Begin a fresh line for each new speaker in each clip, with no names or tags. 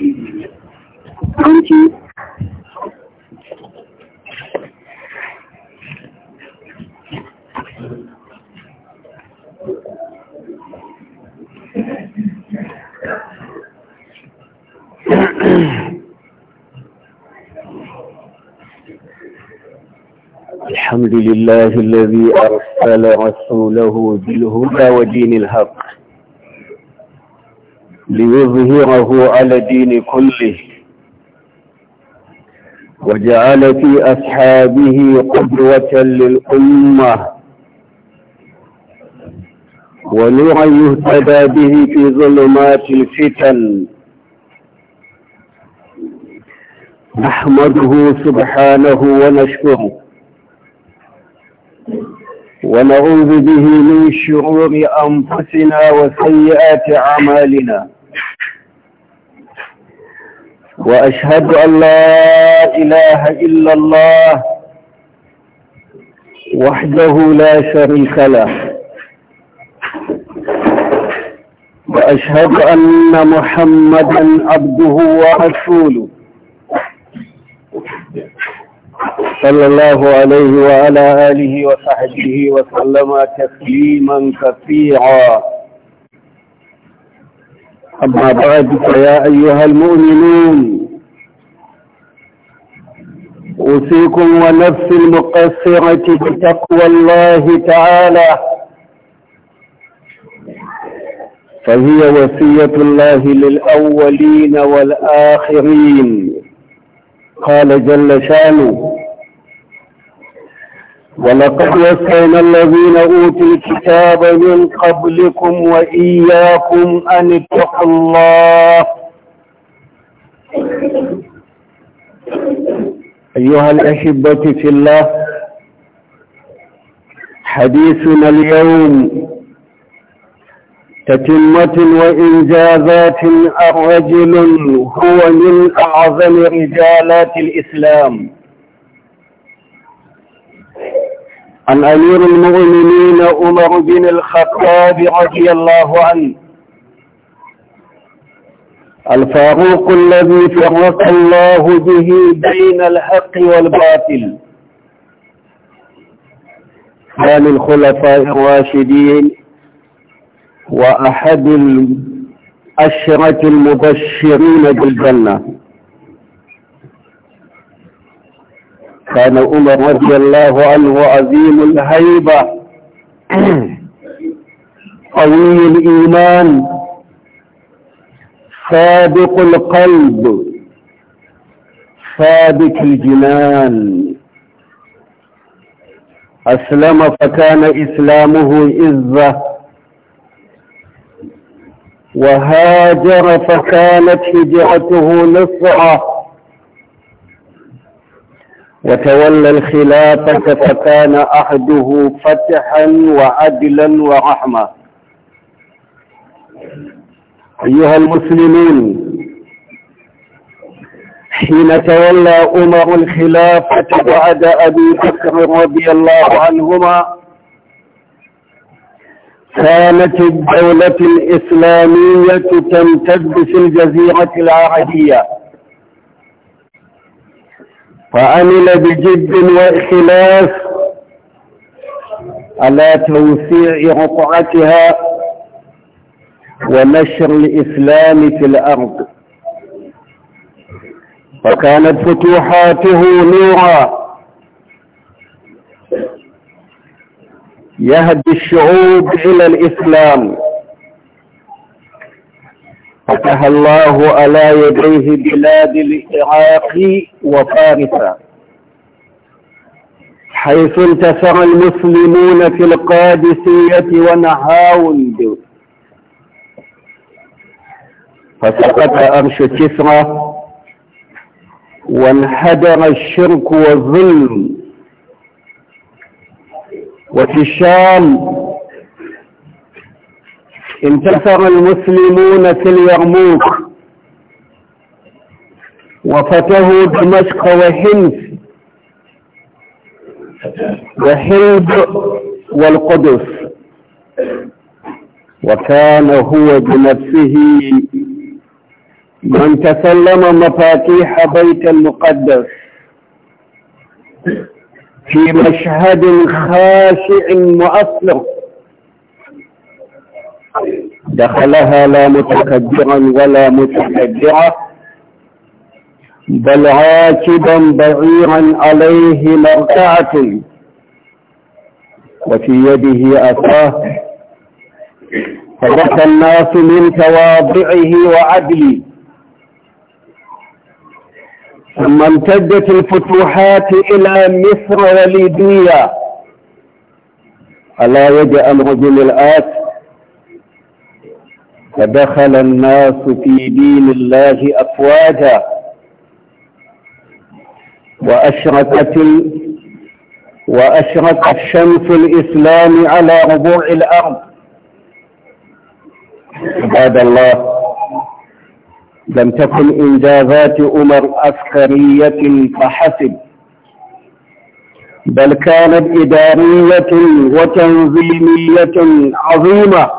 Thank you. الحمد لله الذي أرسل رسوله بالهدى ودين الحق ليظهره على الدين كله وجعل في أصحابه قدوة للأمة ونورا يهتدى به في ظلمات الفتن نحمده سبحانه ونشكره ونعوذ به من شرور أنفسنا وسيئات أعمالنا وأشهد أن لا إله إلا الله وحده لا شريك له وأشهد أن محمدا عبده ورسوله صلى الله عليه وعلى آله وصحبه وسلم تسليما كثيرا أما بعد فيا أيها المؤمنون أوصيكم ونفس المقصرة بتقوى الله تعالى فهي وصية الله للأولين والآخرين قال جل شانه ولقد وسينا الذين أوتوا الكتاب من قبلكم وإياكم أن اتقوا الله أيها الأحبة في الله حديثنا اليوم تتمة وإنجازات الرجل هو من أعظم رجالات الإسلام عن أمير المؤمنين عمر بن الخطاب رضي الله عنه الفاروق الذي فرق الله به بين الحق والباطل كان الخلفاء الراشدين وأحد الأشرة المبشرين بالجنة كان عمر رضي الله عنه عظيم الهيبة قوي الإيمان صادق القلب ثابت الجنان أسلم فكان إسلامه إذة وهاجر فكانت هجرته نصعة وتولى الخلافة فكان أحده فتحا وعدلا ورحمة أيها المسلمين حين تولى عمر الخلافة بعد أبي بكر رضي الله عنهما كانت الدولة الإسلامية تمتد في الجزيرة العربية فعمل بجد واخلاف على توسيع رقعتها ونشر الإسلام في الأرض فكانت فتوحاته نورا يهدي الشعوب إلى الإسلام فتح الله على يديه بلاد العراق وفارس حيث انتصر المسلمون في القادسية ونهاوند فسقط أرش كسرى وانحدر الشرك والظلم وفي الشام انتصر المسلمون في اليرموك وفتحوا دمشق وحمص وحلب والقدس وكان هو بنفسه من تسلم مفاتيح بيت المقدس في مشهد خاشع مؤثر دخلها لا متكبرا ولا متكبرا بل عاكبا بعيرا عليه مرتعة وفي يده أساه فضح الناس من تواضعه وعدله ثم امتدت الفتوحات إلى مصر وليبيا على يد أمر بن الآس فدخل الناس في دين الله أفواجا وأشرقت وأشرق الشمس الإسلام على ربوع الأرض
عباد الله
لم تكن إنجازات أمر عسكرية فحسب بل كانت إدارية وتنظيمية عظيمة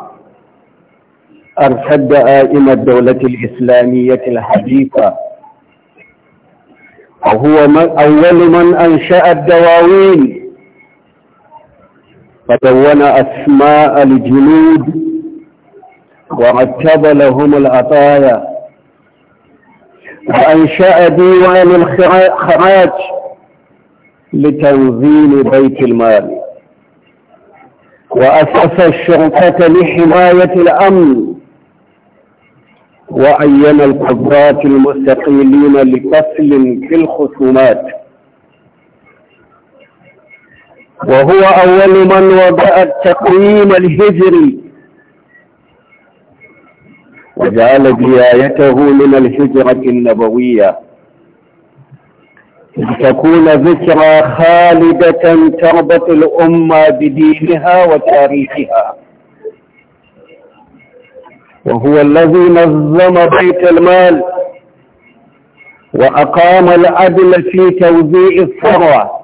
أرشد آئم الدولة الإسلامية الحديثة وهو من أول من أنشأ الدواوين فدون أسماء الجنود ورتب لهم العطايا وأنشأ ديوان الخراج لتنظيم بيت المال وأسس الشرطة لحماية الأمن وأين القضاة المستقيلين لفصل في الخصومات وهو أول من وضع التقويم الهجري وجعل ديايته من الهجرة النبوية لتكون ذكرى خالدة تربط الأمة بدينها وتاريخها وهو الذي نظم بيت المال وأقام العدل في توزيع الثروة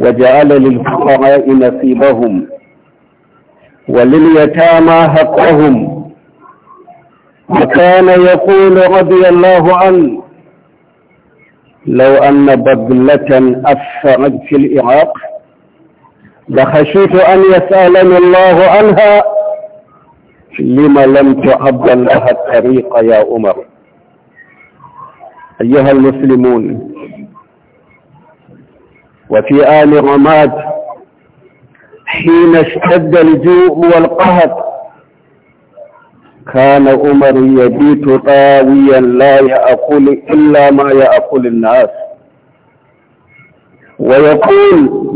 وجعل للفقراء نصيبهم ولليتامى حقهم وكان يقول رضي الله عنه لو أن بذلة أثرت في العراق لخشيت أن يسألني الله عنها لم لم تعبد لها الطريق يا عمر أيها المسلمون وفي آل رماد حين اشتد الجوع والقهر كان عمر يبيت طاويا لا يأكل إلا ما يأكل الناس ويقول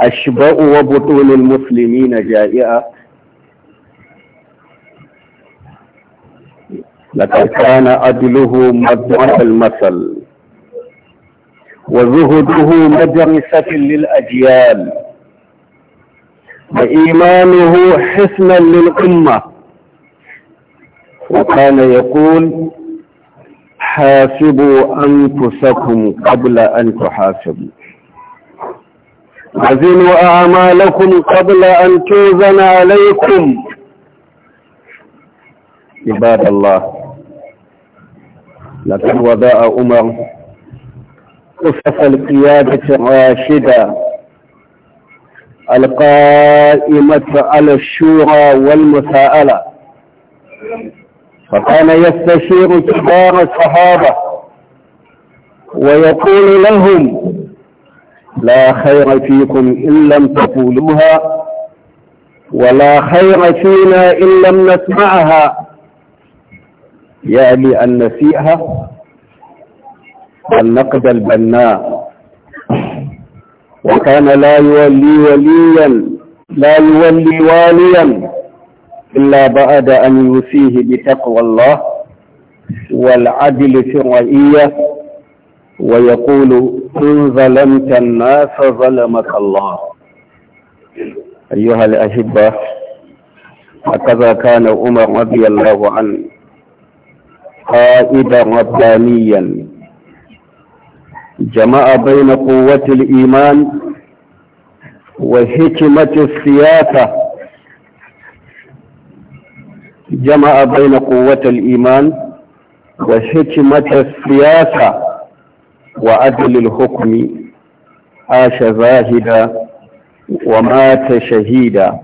أشبأ وبطون المسلمين جائعة لقد كان عدله مجمع المثل وزهده مدرسة للأجيال وإيمانه حسنا للأمة وكان يقول حاسبوا أنفسكم قبل أن تحاسبوا وزنوا أعمالكم قبل أن توزن عليكم عباد الله لكن وباء عمر قصف القيادة الراشدة القائمة على الشورى والمساءلة فكان يستشير كبار الصحابة ويقول لهم لا خير فيكم إن لم تقولوها ولا خير فينا إن لم نسمعها يعني النسيئة النقد البناء وكان لا يولي وليا لا يولي واليا إلا بعد أن يوصيه بتقوى الله والعدل في الرعية ويقول إن ظلمت الناس ظلمك الله أيها الأحبة هكذا كان عمر رضي الله عنه قائدا ربانيا جمع بين قوة الإيمان وحكمة السياسة جمع بين قوة الإيمان وحكمة السياسة وعدل الحكم عاش زاهدا ومات شهيدا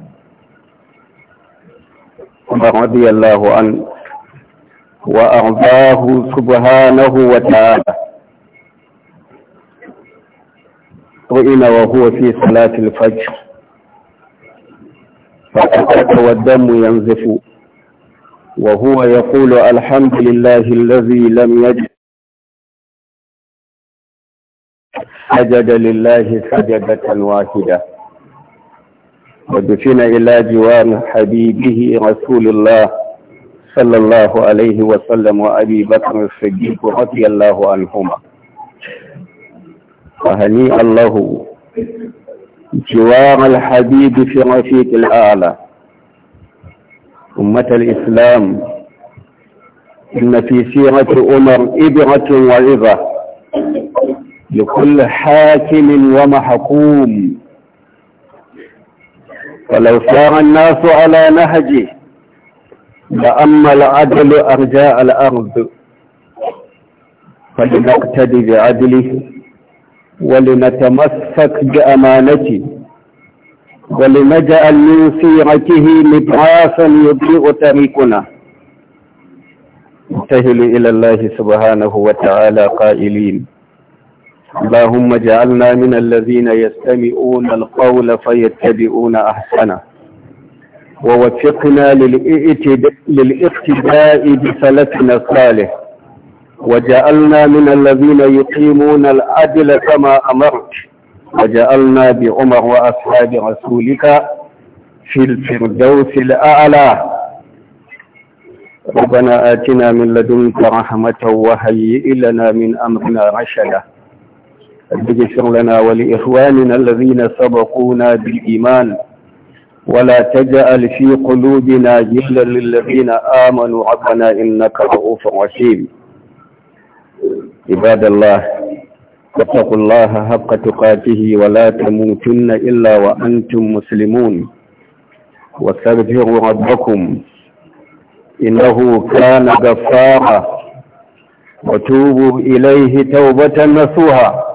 رضي الله عنه وأرضاه سبحانه وتعالى طئن وهو في صلاة الفجر فسكت والدم ينزف وهو يقول الحمد لله الذي لم يجد سجد لله سجدة واحدة ودفن إلى جوار حبيبه رسول الله صلى الله عليه وسلم وأبي بكر الصديق رضي الله عنهما فهني له جوار الحبيب في رفيق الأعلى أمة الإسلام إن في سيرة أمر إبرة وعظة لكل حاكم ومحكوم فلو سار الناس على نهجه لأما العدل أرجاء الأرض فلنقتدي بعدله ولنتمسك بأمانته ولنجعل من سيرته مبعاثا يضيء طريقنا سهل إلى الله سبحانه وتعالى قائلين اللهم اجعلنا من الذين يستمعون القول فيتبعون أحسنه ووفقنا للاقتداء بسلفنا الصالح وجعلنا من الذين يقيمون العدل كما أمرت وجعلنا بعمر وأصحاب رسولك في الفردوس الأعلى ربنا آتنا من لدنك رحمة وهيئ لنا من أمرنا رشدا اغفر لنا ولإخواننا الذين سبقونا بالإيمان ولا تجعل في قلوبنا جهلا للذين آمنوا ربنا إنك رؤوف رحيم عباد الله اتقوا الله حق تقاته ولا تموتن إلا وأنتم مسلمون واستغفروا ربكم إنه كان غفارا وتوبوا إليه توبة نصوحا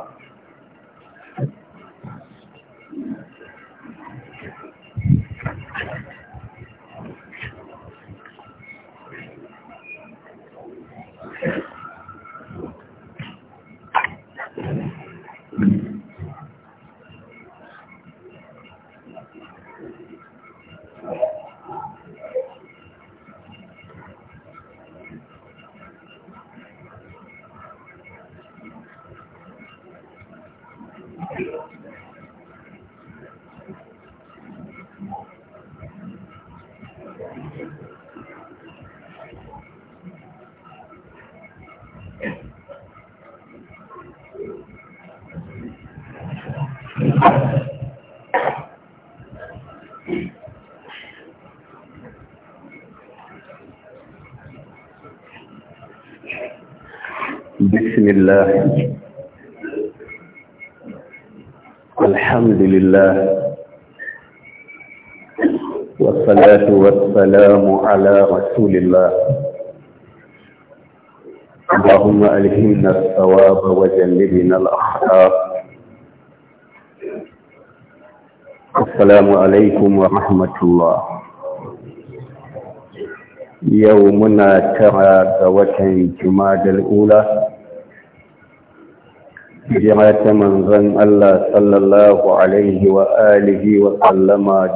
بسم الله الحمد لله والصلاة والسلام على رسول الله اللهم ألهمنا الثواب وجنبنا الأخلاق السلام عليكم ورحمة الله يومنا ترى وتن جماد الأولى جماعة من ظن الله صلى الله عليه وآله وسلم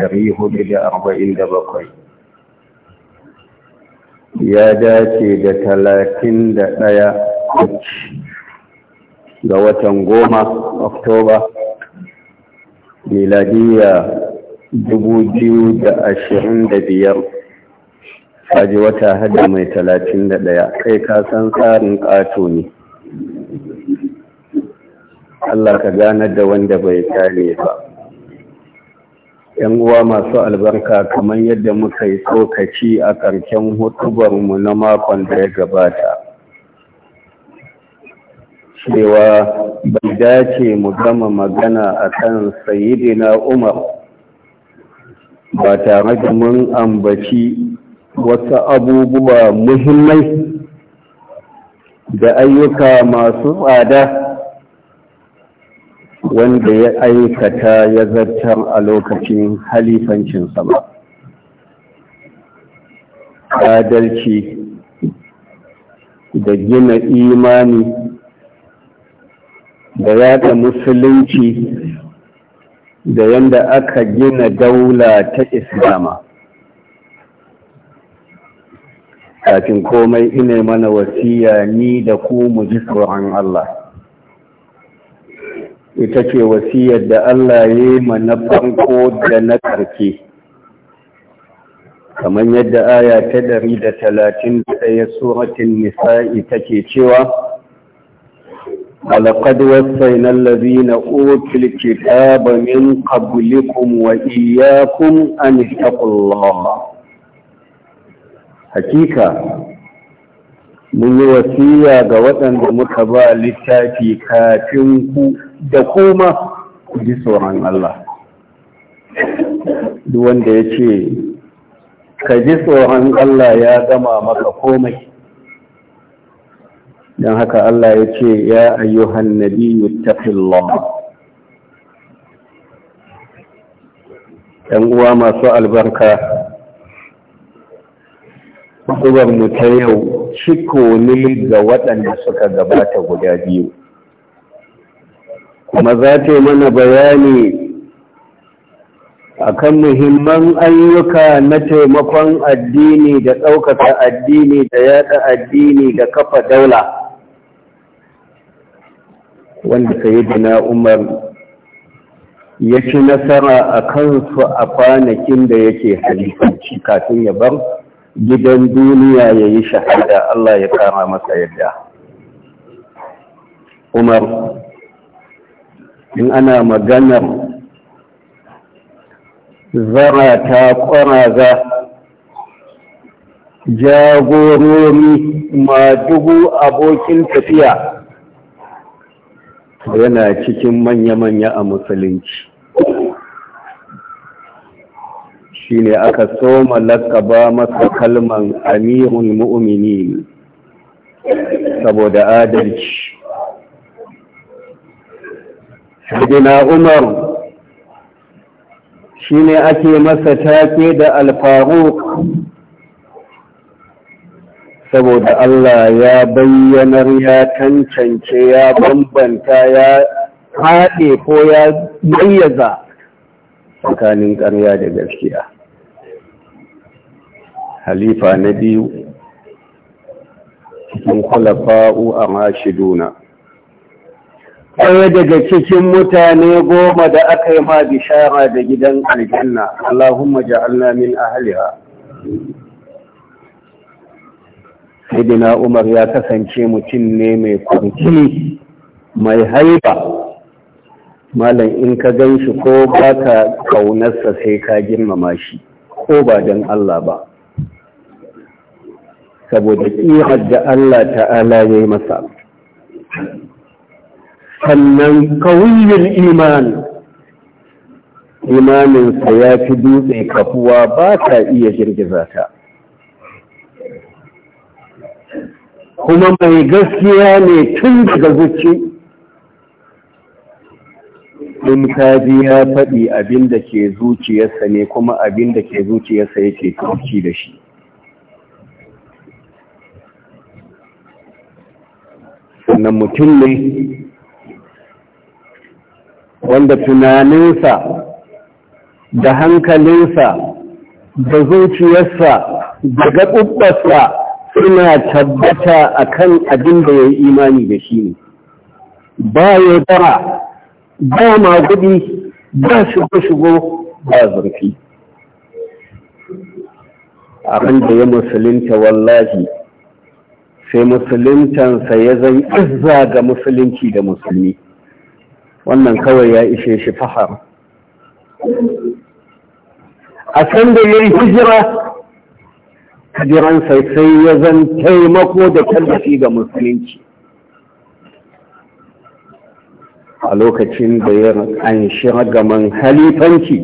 dari hudu da بدا da bakwai يا داتي da talatin da آية ga watan goma oktoba miladiya dubu biyu da wata hada mai talatin da ɗaya kai kasan tsarin ƙato ne Allah ka ganar da wanda bai gane ba ‘yan uwa masu albarka kamar yadda muka yi tsokaci a ƙarshen hutubarmu na makon da ya gabata cewa bai dace mu gama magana a kan sayidina umar ba tare da mun ambaci wasu abubuwa muhimmai da ayyuka masu tsada wanda ya aikata ya zartar a lokacin halifancinsa ba adalci da gina imani da yada musulunci da yadda aka gina daula ta islama kafin komai ina mana wasiya ni da ku mu ji tsoron Allah ita ce wasiyar da Allah ya yi na farko da na ƙarfe kamar yadda aya ta ɗari da talatin da ɗaya suratun nisa'i take cewa alaƙad wasainan lazina otul kitaba min qablikum wa iyyakum an taqullah hakika mun yi wasiya ga waɗanda muka ba littafi kafin ku da kuma ku ji tsoron Allah duk wanda ya ce ka ji tsoron Allah ya gama maka komai don haka Allah ya ce ya ayyuhan nabiyyu taqillah ‘yan uwa masu albarka kutubar mu ta yau ciko ne ga waɗanda suka gabata guda biyu kuma za ta yi mana bayani akan muhimman ayyuka na taimakon addini da ɗaukaka addini da yaɗa addini da kafa daula wanda sayidina umar ya ci nasara a kansu a kwanakin da yake halifanci kafin ya bar gidan duniya ya yi shahada Allah ya kama masa yadda umar in ana maganar zarata ƙwaraza jagorori ma dubu abokin tafiya
yana cikin
manya-manya a musulunci shine aka soma lakaba masa kalman amirul mu'minin saboda adalci Sayyidina Umar shine ake masa take da alfaruk saboda Allah ya bayyanar ya cancance ya bambanta ya haɗe ko ya bayyaza tsakanin ƙarya da gaskiya. halifa na biyu cikin kulafa'u a mashiduna ɗaya daga cikin mutane goma da aka yi ma bishara da gidan aljanna Allahumma ja'alna min ahliha Sayyidina Umar ya kasance mutum ne mai kurkini mai haifa malam in ka gan shi ko ba ka kaunarsa sai ka girmama shi ko ba don Allah ba saboda ƙihar da Allah ta'ala ya yi masa sannan kawuyin imani, imaninsa ya fi dutse kafuwa ba ta iya girgiza ta kuma mai gaskiya ne tun daga zuci in kaji ya faɗi abin da ke zuciyarsa ne kuma abin da ke zuciyarsa yake kauci da shi Wannan mutum ne wanda tunaninsa da hankalinsa da zuciyarsa da gaɓuɓɓarsa suna tabbata a kan abin da ya yi imani da shi ne ba ya dara
ba magudi
ba shigo-shigo ba zurfi abin da ya musulunta wallahi sai musuluntansa ya zan izza ga musulunci da musulmi wannan kawai ya ishe shi fahar a can da ya yi hijira hijiransa sai ya zan taimako da tallafi ga musulunci a lokacin da ya an gaman halifanci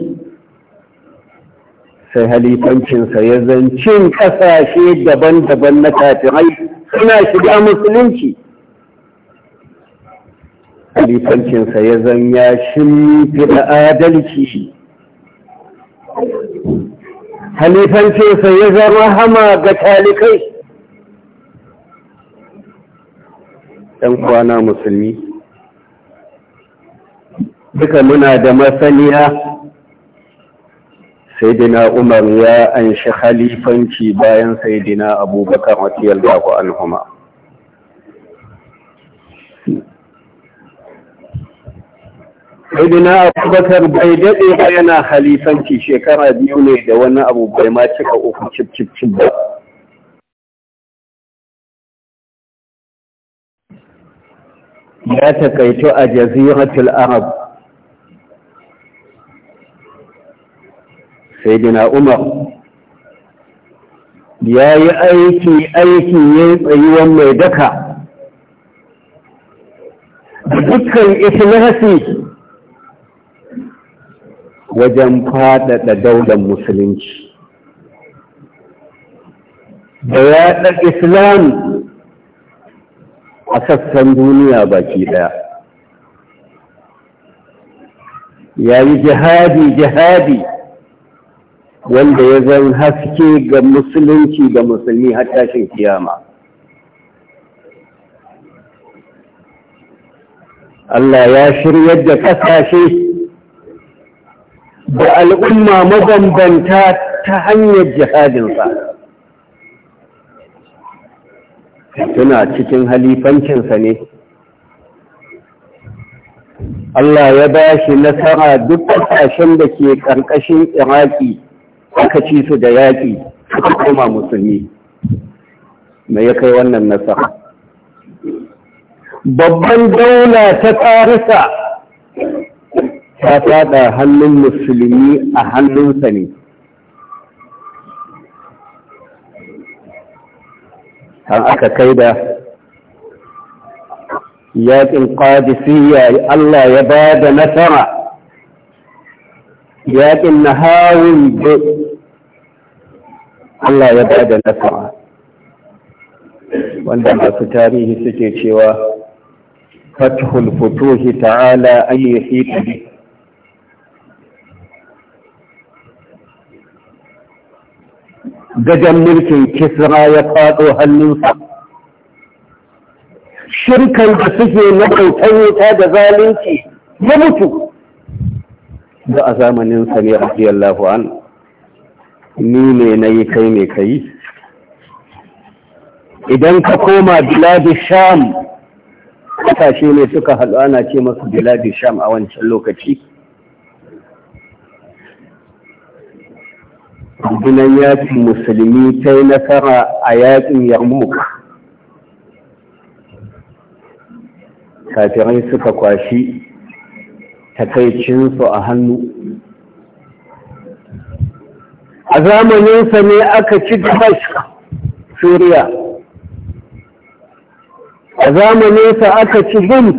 sai halifancinsa ya zan cin ƙasashe daban-daban na kafirai
suna shiga
musulunci alifancinsa ya zan ya da adalci
halifancinsa ya zan rahama ga talikai
ɗan kwana musulmi duka muna da masaniya saidina umar ya anshi khalifanci bayan saidina abubakar radiyallahu anhuma saidina abubakar bai daɗe ba yana khalifanci shekara biyu ne da wani abu bai ma cika uku cip cip cip ba ya takaito a jaziratul arab sayyidina umar ya yi aiki aiki ya yi tsayuwan mai daka a dukkan ikhlasi wajen faɗaɗa daular musulunci da yaɗa islam
a sassan duniya baki
ɗaya ya yi jihadi jihadi wanda ya zan haske ga musulunci da musulmi har tashin kiyama Allah ya shirya da kasashe da al'umma mabambanta ta hanyar jihadinsa suna cikin halifancinsa ne Allah ya ba shi nasara duk ƙasashen da ke ƙarƙashin Iraki aka ci su da yaƙi suka koma musulmi me ya kai wannan nasara babban daula ta tsarisa ta fada hannun musulmi a hannunsa ne an aka kai da yaƙin ƙadisiyya Allah ya ba da nasara لكن نهاول ب الله يبعد النسوع وانت ما ستاريه ستيتي و فتح الفتوح تعالى أي يحيط به دجا ملك كسرى يقاط هل ننصح شركا بسجن نبو تنوت هذا ذلك يمتو da a zamanin sa ne radiyallahu an ni ne na yi kai ne ka yi idan ka koma biladi sham kasashe ne suka haɗu ana ce masu biladi sham a wancan lokaci rundunar yakin musulmi ta yi nasara a yakin yarmouk kafirai suka kwashi takaicinsu a hannu a zamaninsa ne aka ci damashka suriya a zamaninsa aka ci hims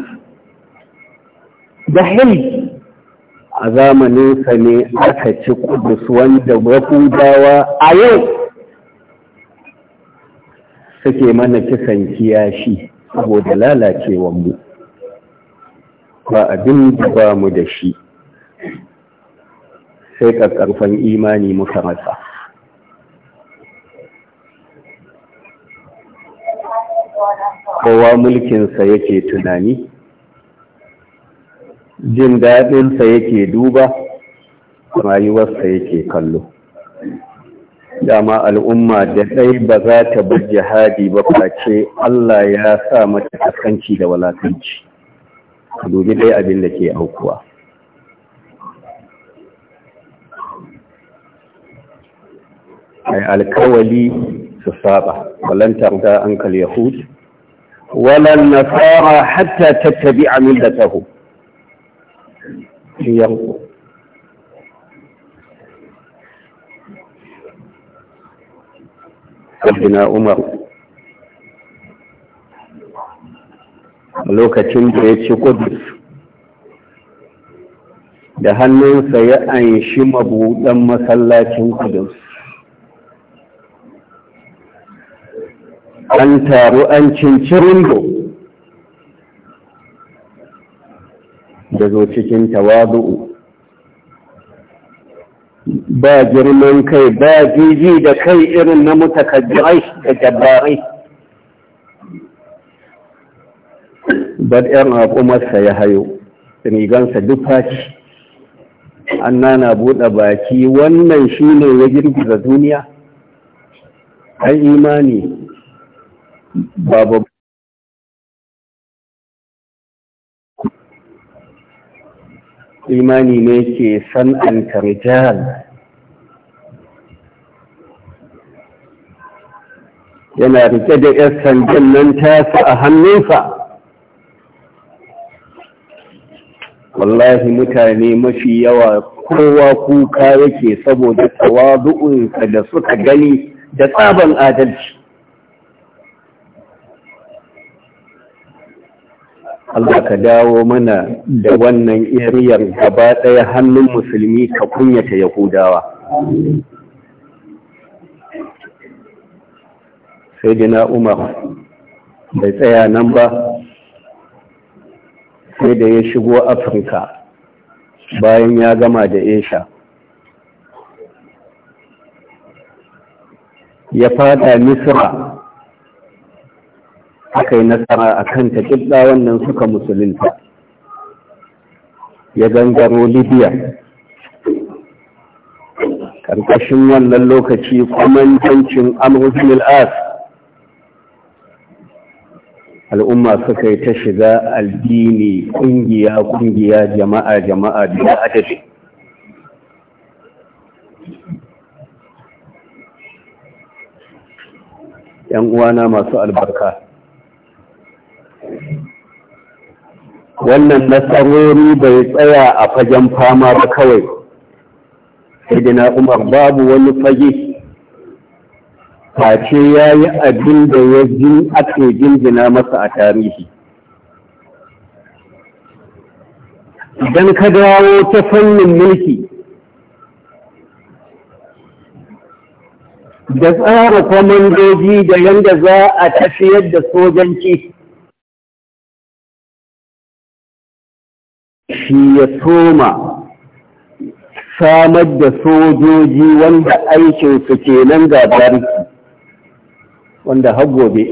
da hims a zamaninsa ne aka ci kudus wanda yahudawa a yau suke mana kisan kiyashi saboda lalacewar mu ba abin da ba mu da shi sai ƙarƙarfan imani muka rasa kowa mulkinsa yake tunani jin daɗinsa yake duba rayuwarsa yake kallo dama al'umma da ɗai ba za ta bar jihadi ba kwace, Allah ya sa mata kaskanci da walakanci ka dubi dai abin da ke aukuwa ai alkawali su saba walantar da ankal kal yahud walan nasara hatta tattabi amillatahu yanku Abdina Umar lokacin da ya ci kudus da hannunsa ya anshi mabuɗan masallacin kudus an taru an cincirin da zo cikin tawadu'u ba girman kai ba jiji da kai irin na mutakaddirai da jabbarai bar ‘yan raƙumarsa ya hayo rigansa duk faci an nana buɗe baki wannan shi ne ya girgiza duniya ai imani babu imani ne ke san'anta rijal yana rike da ‘yan sandan nan tasa a hannunsa wallahi mutane mafi yawa kowa kuka yake saboda tawadu'unsa da suka gani da tsaban adalci Allah ka dawo mana da wannan iriyar gaba ɗaya hannun musulmi ka kunyata Yahudawa. Sai Umar bai tsaya nan ba sai da ya shigo afirka bayan ya gama da esha ya fada misra aka yi nasara a kan taƙiɗa wannan suka musulunta ya gangaro libya ƙarƙashin wannan lokaci kwamantancin amurkin al'as al'umma suka yi ta shiga addini kungiya kungiya jama'a jama'a da adadi yan uwana masu albarka
wannan nasarori
bai tsaya a fagen fama ba kawai sai umar babu wani fage face ya yi abin da ya jin ake jinjina masa a tarihi
idan ka dawo ta fannin mulki
da tsara kwamandoji da yadda za a tafiyar da sojanci shi ya soma samar da sojoji wanda aikinsu kenan ga bariki wanda har gobe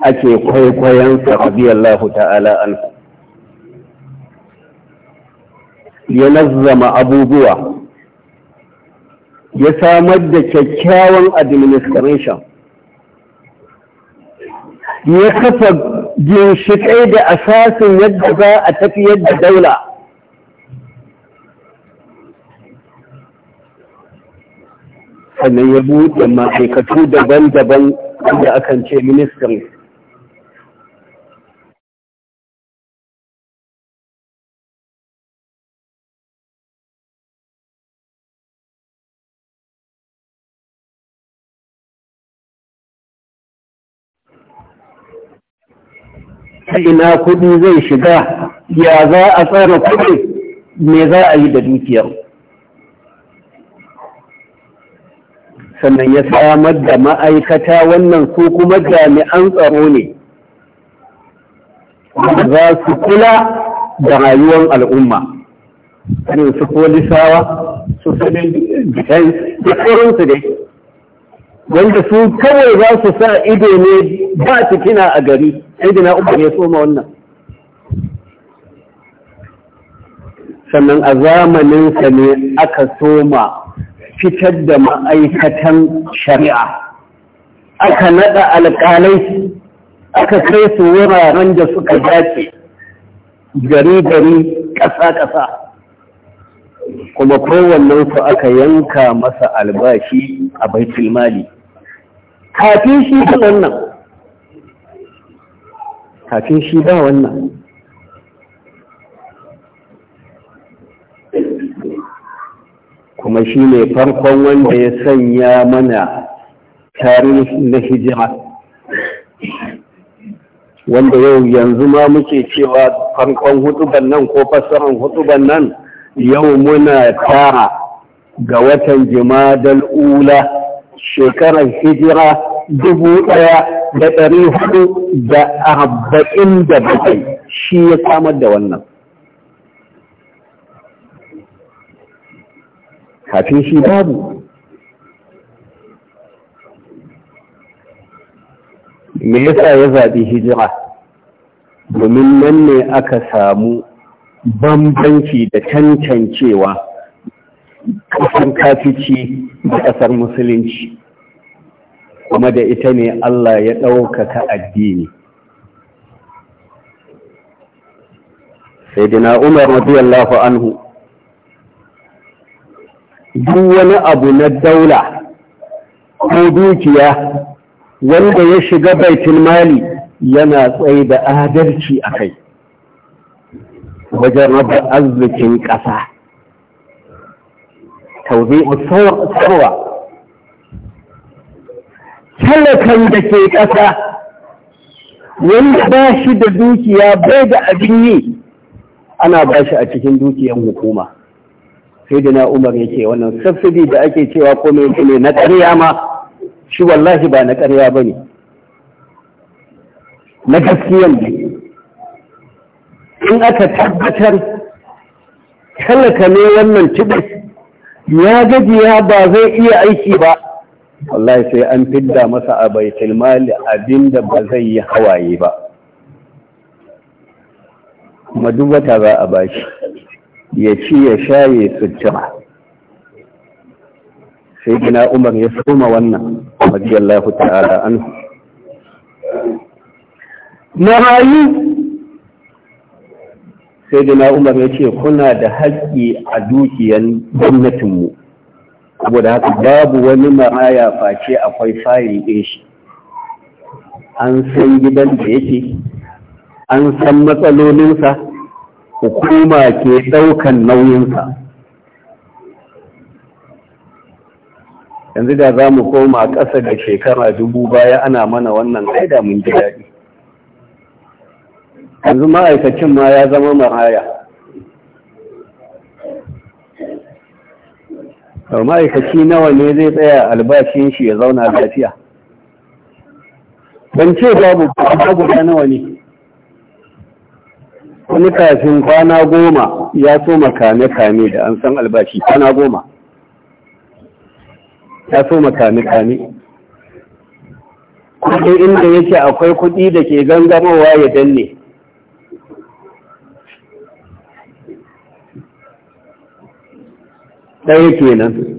ake kwaikwayon sa Allah ta'ala an ya nazzama abubuwa ya samar da kyakkyawan administration ya kafa ginshiƙai da asasin yadda za a tafiyar da daula sannan ya buɗe ma'aikatu daban-daban da akan ce ministan ina kudi zai shiga ya za a tsara kudi me za a yi da dukiyar sannan ya samar da ma'aikata wannan su kuma jami'an tsaro ne za su kula da rayuwar al'umma irin su polisawa su sanin defense da tsoronsu dai wanda su kawai za su sa ido ne ba fitina a gari sai dina umar ya soma wannan sannan a zamaninsa ne aka soma fitar da ma'aikatan shari'a
aka naɗa alƙalai
aka kai su wuraren da suka dace gari-gari ƙasa-ƙasa kuma kowannen su aka yanka masa albashi a baitul mali kafin shi ba wannan kafin shi ba wannan kuma shi ne farkon wanda ya sanya mana tarihi na hijira wanda yau yanzu ma muke cewa farkon hutuban nan ko fassarar hutuban nan yau muna tara ga watan jimadal ula shekarar hijira dubu ɗaya da ɗari hudu da arba'in da bakwai shi ya samar da wannan kafin shi babu me yasa ya zaɓi hijira domin nan ne aka samu bambanci da cancancewa kafin kafici da ƙasar musulunci kuma da ita ne Allah ya ɗaukaka addini sai dina umar radiyallahu anhu duk wani abu na daula ko dukiya wanda ya shiga baitin mali yana tsaye da adalci a kai wajen raba arzikin ƙasa tauzi'u sarwa talakan da ke ƙasa wanda ba shi da dukiya bai da abin yi ana ba shi a cikin dukiyan hukuma saidina umar yake wannan subsidy da ake cewa komai ne na ƙarya ma shi wallahi ba na ƙarya ba ne na gaskiyan ne in aka tabbatar talaka ne wannan tibis ya gajiya ba zai iya aiki ba wallahi sai an fidda masa a baitul mali abinda ba zai yi hawaye ba kuma duk wata za a bashi ya ci ya sha ya sutura sai gina umar ya soma wannan radiyallahu ta'ala Na marayu sai gina umar ya ce kuna da haƙƙi a dukiyan gwamnatinmu saboda haka babu wani maraya face akwai fayil ɗin shi an san gidan da yake an san matsalolinsa hukuma ke ɗaukan nauyinsa yanzu da za mu koma ƙasa da shekara dubu baya ana mana wannan haida mun ji daɗi
yanzu ma'aikacin
ma ya zama maraya ma'aikaci nawa ne zai tsaya albashin shi ya zauna lafiya ban ce babu babu nawa ne wani kafin kwana goma ya so makame-kame da an san albashi kwana goma
ya so makame-kame
kudin inda yake akwai kudi da ke gangamowa ya danne ɗaya kenan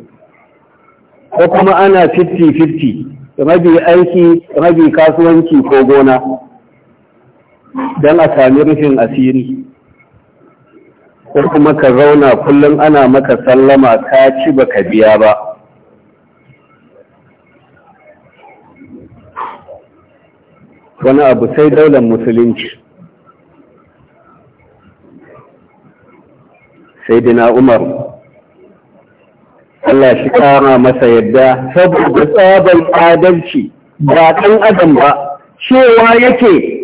ko kuma ana 50-50 da mabi aiki da mabi kasuwanci ko gona don a sami rufin asiri ko kuma ka zauna kullum ana maka sallama ka ci baka biya ba wani abu sai daular musulunci sai dina umar Allah shi kara masa yadda saboda tsabar adalci ba ɗan adam ba cewa yake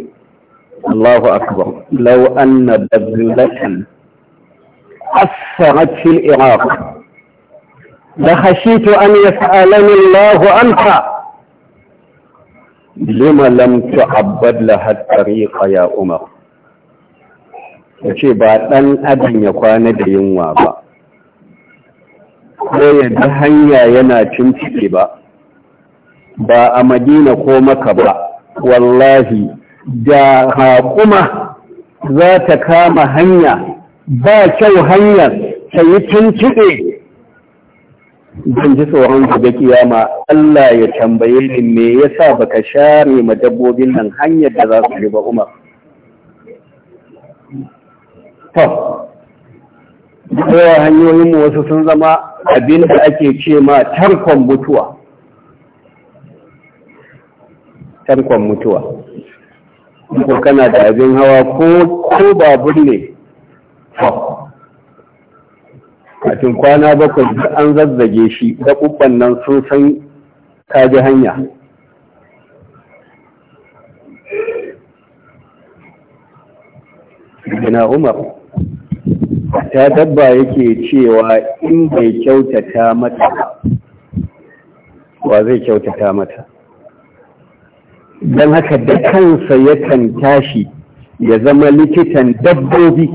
الله أكبر لو أن بذلة أثرت في العراق لخشيت أن يسألني الله عنها لم لم تعبد لها الطريق يا أمر yace ba ɗan adam ya kwana da yunwa ba ko ya hanya yana cin ciki ba ba a madina ko maka ba wallahi da haƙuma za ta kama hanya ba kyau hanyar ta yi tuntuɗe don ji tsoron da kiyama Allah ya tambaye ni me yasa baka share ma dabbobin nan hanyar da za su yi ba Umar to yawa hanyoyin mu wasu sun zama abin da ake ce ma tarkon mutuwa tarkon mutuwa ko kana da abin hawa ko ko babur ne kafin kwana bakwai an zazzage shi da kubban nan sun san kaji hanya gina umar ta dabba yake cewa in bai kyautata mata wa zai kyautata mata don haka da kansa yakan tashi ya zama likitan dabbobi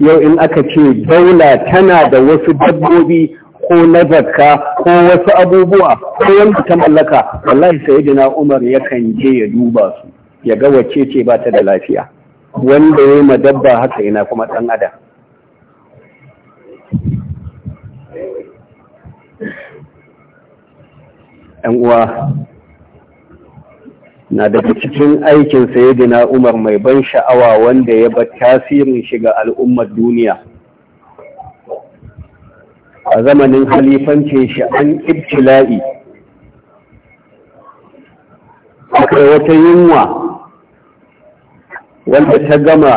yau in aka ce daula tana da wasu dabbobi ko na zakka ko wasu abubuwa ko wanda ta mallaka wallahi sayyidina Umar yakan je ya duba su ya ga wacce ce ba ta da lafiya wanda ya ma dabba haka ina kuma ɗan adam ‘yan uwa na daga cikin aikin sayyidina Umar mai ban sha'awa wanda ya ba tasirin shiga al'ummar duniya a zamanin halifance shi an ibtila'i akwai wata yunwa wanda ta gama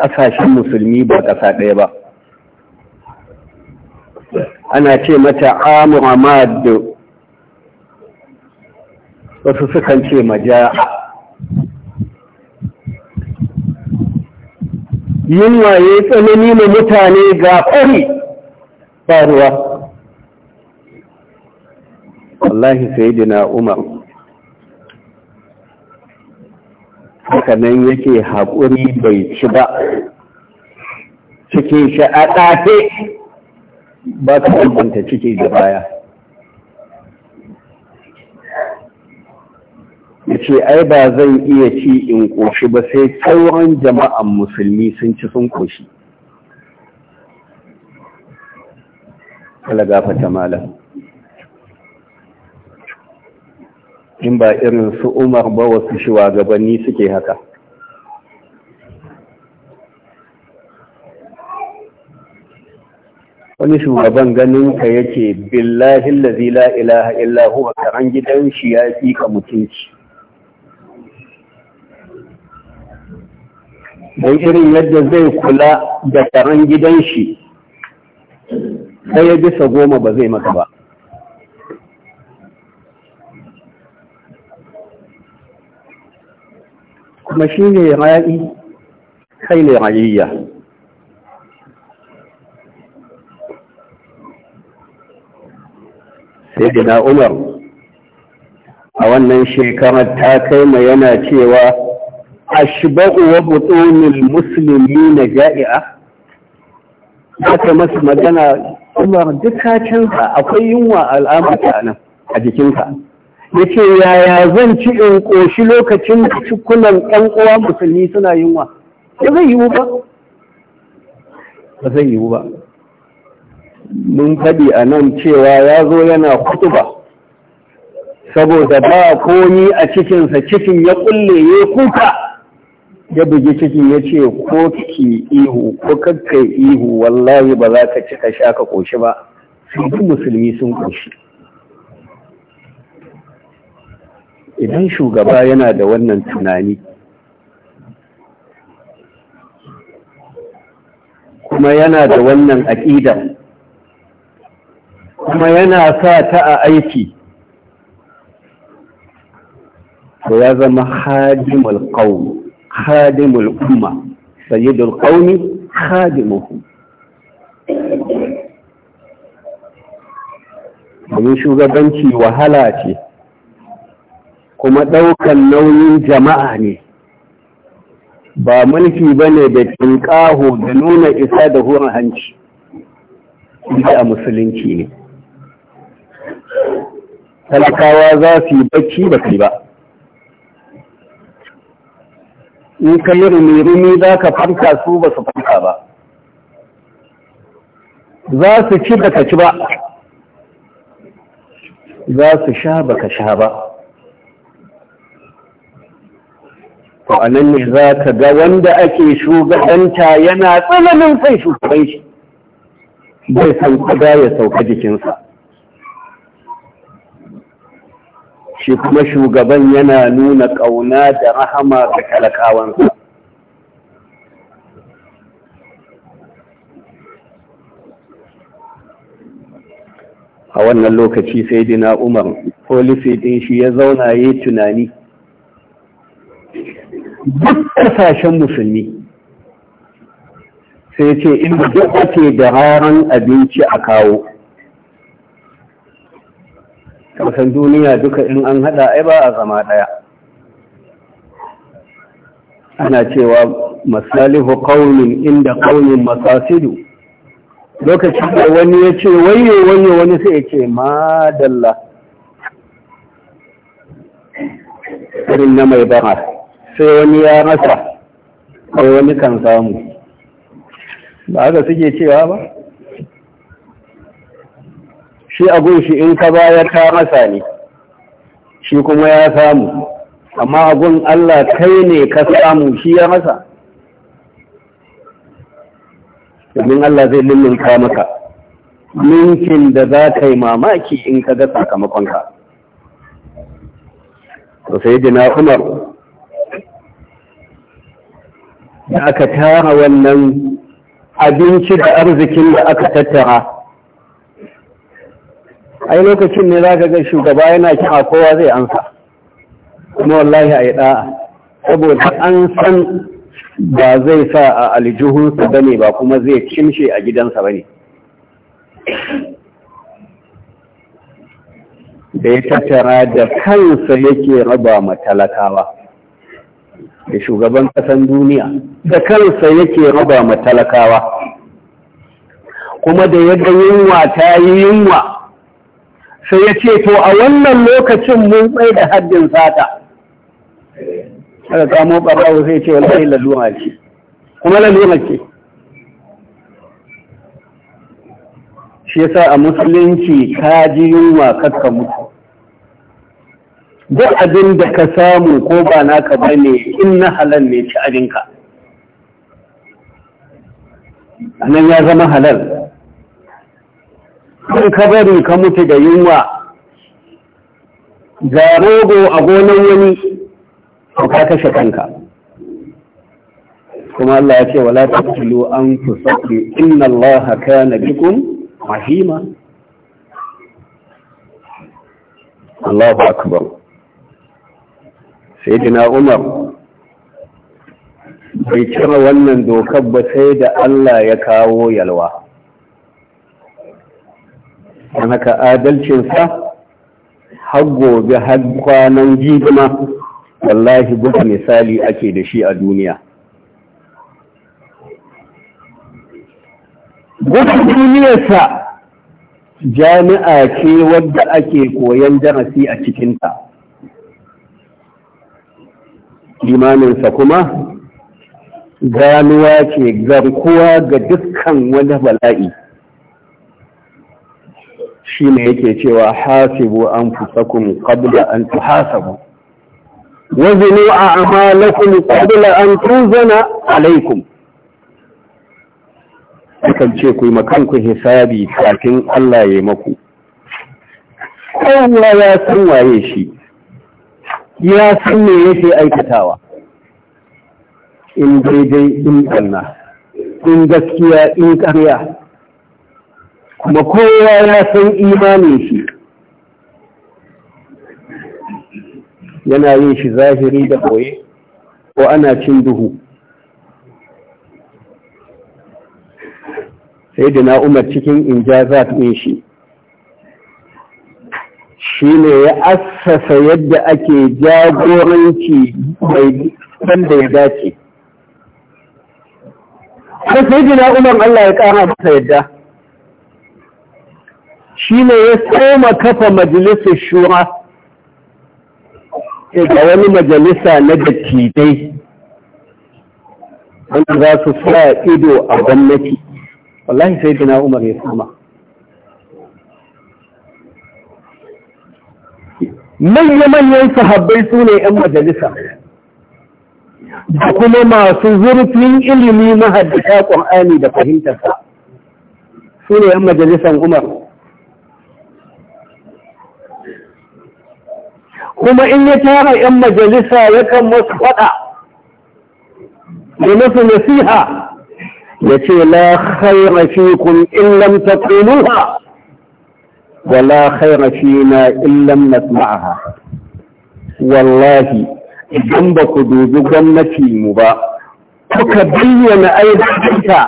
ƙasashen musulmi ba ƙasa ɗaya ba ana ce mata amur amadu wasu sukan ce maja'a yunwa ya yi tsanani ma mutane ga kwari ba ruwa wallahi sai umar haka nan yake haƙuri bai ci ba cikin shi a ɗafe ba ta albanta ciki da baya ya ce ai ba zan iya ci in ƙoshi ba sai sauran jama'an musulmi sun ci sun ƙoshi alagafata malam in ba irin su umar ba wasu shugabanni suke haka wani shugaban ganin ka yake billahi lazi la ilaha illahu a karan gidan shi ya fi ka mutunci don irin yadda zai kula da tsaron gidan shi sai ya bisa goma ba zai maka ba kuma shi ne ra'i kai ne ra'iyya sai da umar a wannan shekarar ta kai ma yana cewa ashba'u wa butunil muslimina ja'i'a aka masa magana Umar duk ka canza akwai yunwa al'amata nan a jikinka ya ce yaya zan ci in ƙoshi lokacin cikunan ƴan uwa musulmi suna yunwa ba zai yiwu ba ba zai yiwu ba mun faɗi a nan cewa ya zo yana kutuba saboda ba ni a cikinsa cikin ya kulle ya kuka ya buge ciki ya ce ko ki ihu ko kakka ihu wallahi ba za ka ci ka sha ka koshi ba sun musulmi sun koshi idan shugaba yana da wannan tunani kuma yana da wannan aƙidar kuma yana sa ta a aiki to ya zama hajimul qawm khadimul umma sayyidul qaumi khadimuhu domin shugabanci wahala ce kuma ɗaukan nauyin jama'a ne ba mulki ba ne da tunƙaho da nuna isa da hurin hanci inda a musulunci ne
talakawa za su yi bacci ba
kai ba in ka yi rumi-rumi za ka farka su ba su farka ba za su ci ba ka ci ba za su sha ba ka sha ba a ne za ka ga wanda ake shugabanta yana tsananin sai shugabanci shi bai san kada ya sauka jikinsa shi kuma shugaban yana nuna ƙauna da rahama ga talakawansa a wannan lokaci sai dina umar polisi din shi ya zauna ya yi tunani duk ƙasashen musulmi sai ce ina duk ake da haran abinci a kawo ƙarshen duniya duka in an haɗa ai ba a zama ɗaya
ana cewa masalihu ƙaunin inda ƙaunin masasidu lokacin da wani ya ce waye waye
wani sai ya ce madalla irin na mai bara sai wani ya rasa sai wani kan samu ba haka suke cewa ba shi a shi in ka bayar ta masa ne shi kuma ya samu amma a gun Allah kai ne ka samu shi ya masa domin Allah zai ka maka ninkin da za ka yi mamaki in ka ga sakamakonka to sai jina umar da aka tara wannan abinci da arzikin da aka tattara ai lokacin ne za ka ga shugaba yana kira kowa zai ansa kuma wallahi a yi ɗa'a saboda an san ba zai sa a aljihunsa ba ba kuma zai cimshe a gidansa ba ne da ya tattara da kansa yake raba matalakawa da shugaban kasan duniya da kansa yake raba matalakawa kuma da yadda yunwa ta yi yunwa sai ya ce to a wannan lokacin mun tsaye da haddin sata aka kamo ɓarawo sai ce wallahi laluma ce kuma laluma ce shi yasa a musulunci ka ji yunwa kakka mutu duk abin da ka samu ko ba naka ba ne in na halal ne ci abinka nan ya zama halal kan kabarin ka mutu da yunwa ga rogo a gonan wani to ka kashe kanka kuma Allah ya ce wala taqtulu anfusakum inna Allah kana bikum rahima Allahu akbar sayyidina Umar bai cire wannan dokar ba sai da Allah ya kawo yalwa da haka adalcinsa har gobe har kwanan jigima wallahi buka misali ake da shi a duniya gudun duniyarsa jami'a ce wadda ake koyon darasi a cikin cikinta Limaminsa kuma ganuwa ce garkuwa ga dukkan wani bala'i shi ne yake cewa hasibu an fusakun qabla an tuhasabu wazinu a amalakun qabla an tuzana alaikum akan ce ku yi makanku hisabi kafin Allah ya maku kowa ya san waye shi ya san me yake aikatawa in daidai in ƙanna in gaskiya in ƙarya kuma kowa ya san imanin shi yana yin shi zahiri da ɓoye ko ana cin duhu sai da na umar cikin injazat ɗin shi shi ne ya assasa yadda ake jagoranci mai wanda ya dace. Sai sai da na umar Allah ya ƙara masa yadda. Shi ne ya tsoma kafa majalisar shura ga wani majalisa na dattijai wanda za su sa ido a gwamnati wallahi sai gina umar ya sama manya-manyan sahabbai su ne 'yan majalisa da kuma masu zurfin ilimi ta ƙwa'ani da fahimtarsa su ne 'yan majalisan umar kuma in ya tara 'yan majalisa kan masu faɗa da masu nasiha ya ce la khaira fikum in lam taquluha wa la khaira na in lam wallahi idan ba ku dubi gwamnati mu ba kuka bayyana aidatinta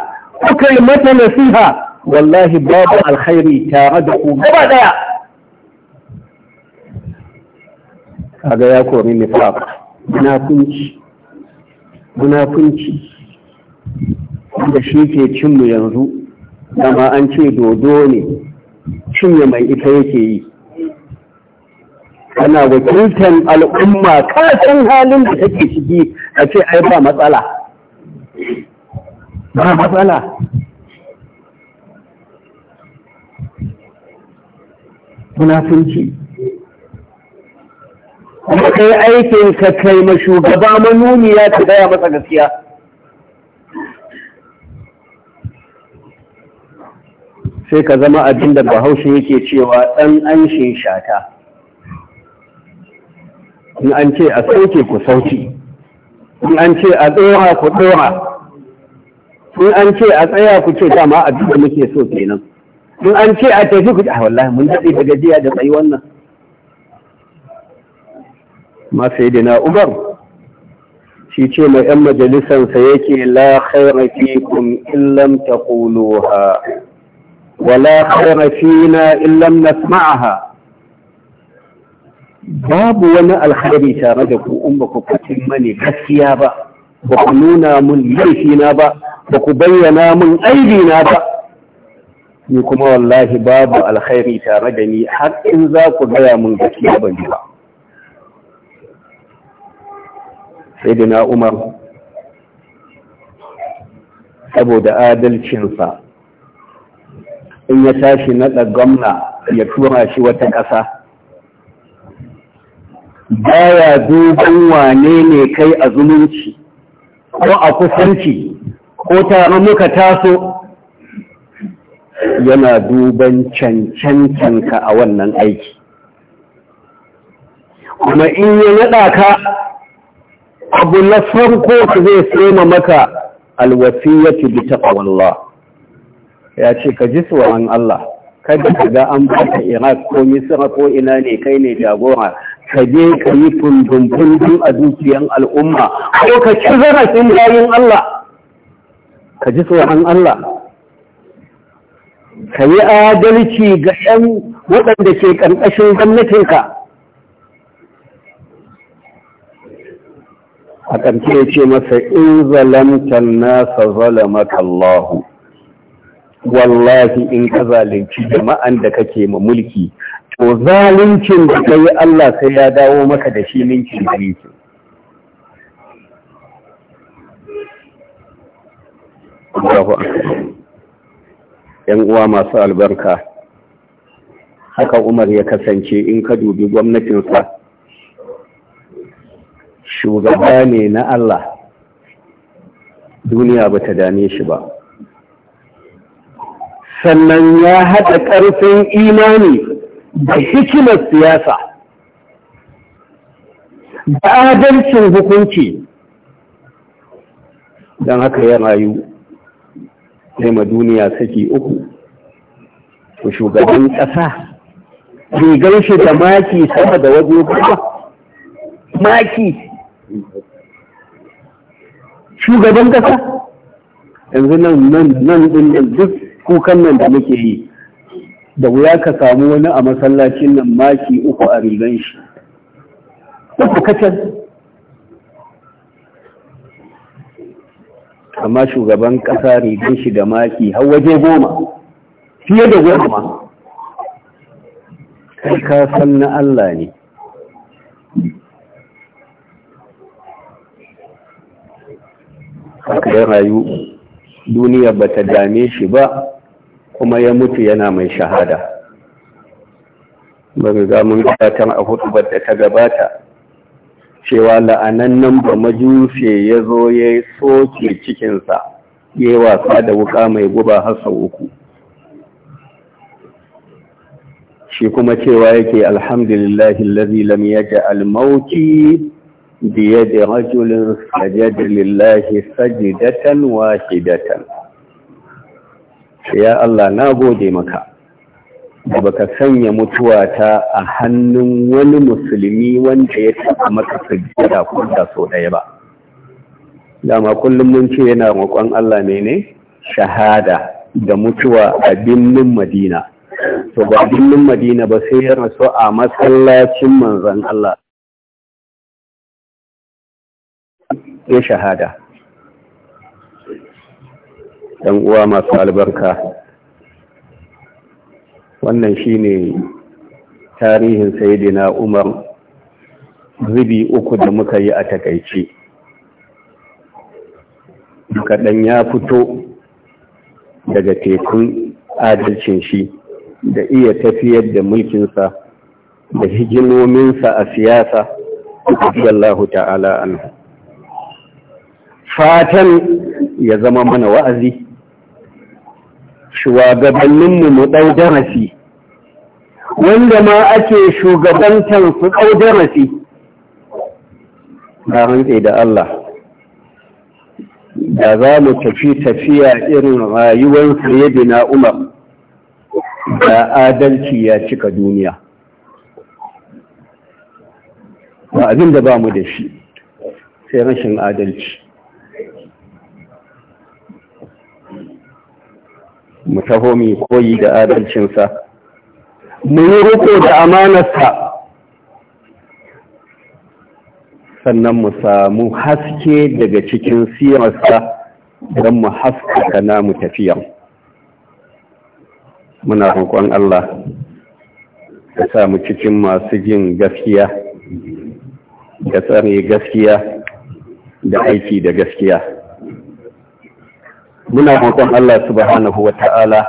kuka yi mata nasiha wallahi babu alkhairi tare da ku gaba daya kaga ya kori nifaq munafunci munafunci da shi ke cinmu yanzu dama an ce dodo ne cinye mai ita yake yi ana wakiltan al'umma kasan halin da take ciki a ce ai ba matsala ba matsala munafunci kuma kai aikin ka kai ma shugaba ya ta gaya masa gaskiya sai ka zama abin da bahaushe yake cewa ɗan an shata in an ce a sauke ku sauki in an ce a tsora ku tsora in an ce a tsaya ku ce dama abin da muke so kenan in an ce a tafi ku a ah, wallahi mun daɗe da gajiya da tsayi wannan ma sayyidina Umar shi ce mai ‘yan majalisansa yake la khaira fikum illam taquluha wa la khaira fina illam nasma'aha babu wani alkhairi tare da ku in ba ku fitin mani gaskiya ba ba ku nuna mun laifina ba ba ku bayyana mun aibina ba ni kuma wallahi babu alkhairi tare da ni har in za ku gaya mun gaskiya ban ba sai umar saboda adalcinsa in ya tashi naɗa gwamna ya tura shi wata ƙasa baya duban wane ne kai a zumunci
ko a kusanci
ko tare muka taso yana duban cancancanka a wannan aiki kuma in yi naɗa ka abu na farko zai tsema maka alwasiyatu bi taqwallah ya ce ka ji tsoron Allah kada ka ga an baka Iraq ko Misira ko ina ne kai ne jagora ka je ka yi tundun a dukiyan al'umma ko ka ci zarafin bayin Allah ka ji tsoron Allah
ka yi adalci
ga 'yan waɗanda ke ƙarƙashin gwamnatinka a ƙarshe ya ce masa in zalamtan nasa zalamaka Allahu wallahi in ka zalunci jama'an da kake ma mulki to zaluncin da kai Allah sai ya dawo maka da shi ninkin ninkin ‘Yan uwa masu albarka, haka Umar ya kasance in ka dubi gwamnatinsa shugaba ne na Allah duniya ba ta dame shi ba sannan ya haɗa ƙarfin imani da hikimar siyasa da adalcin hukunci don haka ya rayu ma duniya saki uku ku shugaban ƙasa rigar shi da maki sama da waje
maki
shugaban kasa yanzu nan nan nan din duk kukan nan da muke yi da wuya ka samu wani a masallacin nan maki uku a rigan shi uku kacal amma shugaban kasa rigan shi da maki har waje goma fiye da goma ma kai ka san na Allah ne haka ya rayu duniya ba ta dame shi ba kuma ya mutu yana mai shahada bari za mun gabatar a hutubar da ta gabata cewa la'anannan ba majuse ya zo ya soke cikinsa ya yi wasa da wuka mai guba har sau uku shi kuma cewa yake alhamdulillahi lazi lam yaja almauti بيد رجل سجد لله سجدة واحدة يا na gode maka da baka sanya mutuwa ta a hannun wani musulmi wanda ya taɓa maka sujjada ko da so ɗaya ba dama kullum mun ce yana rokon Allah ne shahada da mutuwa a binin Madina to ba birnin Madina ba sai ya rasu a masallacin manzon Allah ya shahada ɗan uwa masu albarka wannan shine tarihin na umar zubi uku da muka yi a takaici kaɗan ya fito daga tekun adalcin shi da iya tafiyar da mulkinsa da hijinominsa a siyasa Allah ta'ala anhu fatan ya zama mana wa'azi shugabanninmu mu ɗau darasi wanda ma ake shugabantan su ɗau darasi na rantse da Allah da za mu tafi tafiya irin rayuwar na Umar da adalci ya cika duniya ba abin da ba mu da shi sai rashin adalci mu taho mu koyi da adalcinsa mu yi riko da amanarsa sannan mu samu haske daga cikin siyarsa don mu haska kana mu tafiya. muna hankon Allah ka sa cikin masu jin gaskiya da tsare gaskiya da aiki da gaskiya muna roƙon Allah subhanahu wa ta'ala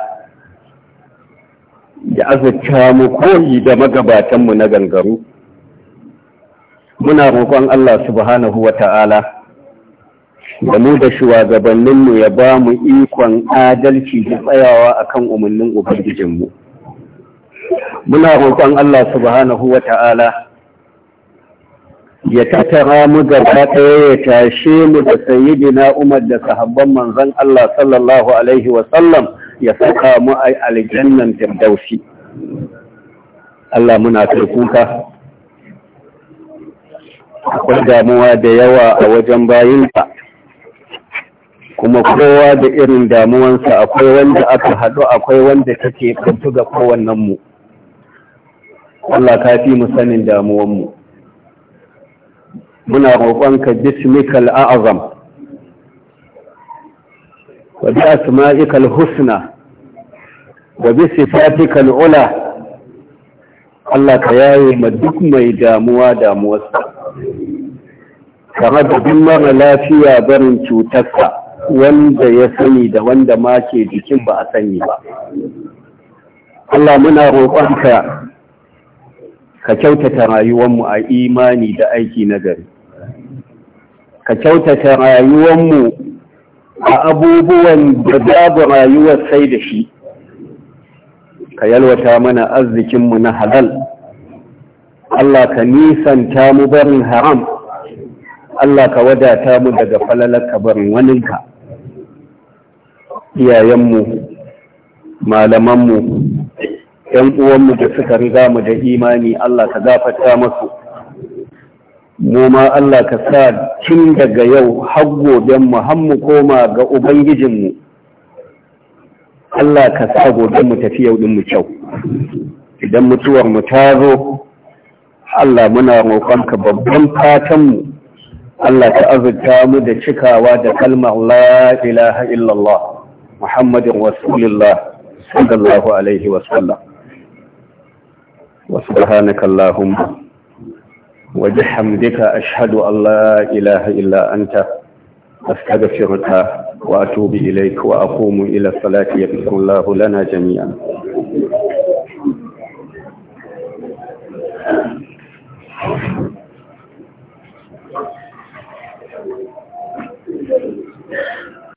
ya azurta mu koyi da magabatanmu na gangaru muna roƙon Allah subhanahu wa ta'ala da mu da shugabanninmu ya ba mu ikon adalci da tsayawa akan umarnin ubangijinmu muna roƙon Allah subhanahu wa ta'ala ya tattara mu gaba ɗaya ya tashe mu da sayyidina Umar da sahabban manzon Allah sallallahu alaihi wasallam ya saka mu a aljannan firdausi Allah muna kuka akwai damuwa da yawa a wajen bayinsa kuma kowa da irin damuwansa akwai wanda aka haɗu akwai wanda take kantu ga kowannenmu mu
Allah ka fi mu
damuwanmu muna roƙonka bismikal a'azam wa bi asma'ikal husna wa bi sifatikal ula Allah ka yaye ma duk mai damuwa damuwarsa
kamar da duk mara lafiya barin cutarsa wanda ya sani
da wanda ma ke jikin ba a sani ba
Allah muna roƙonka
ka kyautata rayuwar mu a imani da aiki na gari ka kyautata rayuwanmu a abubuwan da babu rayuwar sai da shi ka yalwata mana arzikinmu na halal Allah ka nisanta mu barin haram Allah ka wadata mu daga falalarka barin waninka iyayenmu malamanmu ‘yan uwanmu da suka riga mu da imani Allah ka gafata masu mu ma Allah ka sa tun daga yau har goben mu har koma ga ubangijinmu Allah ka sa goben mu tafi yau din mu kyau idan mutuwar mu ta zo Allah muna roƙon ka babban fatan mu Allah ka azurta mu da cikawa da kalmar la ilaha illallah Muhammadin rasulullah sallallahu alaihi wasallam. sallam wa subhanaka allahumma وبحمدك أشهد أن لا إله إلا أنت أستغفرك وأتوب إليك وأقوم إلى الصلاة يغفر الله لنا جميعا Thank you.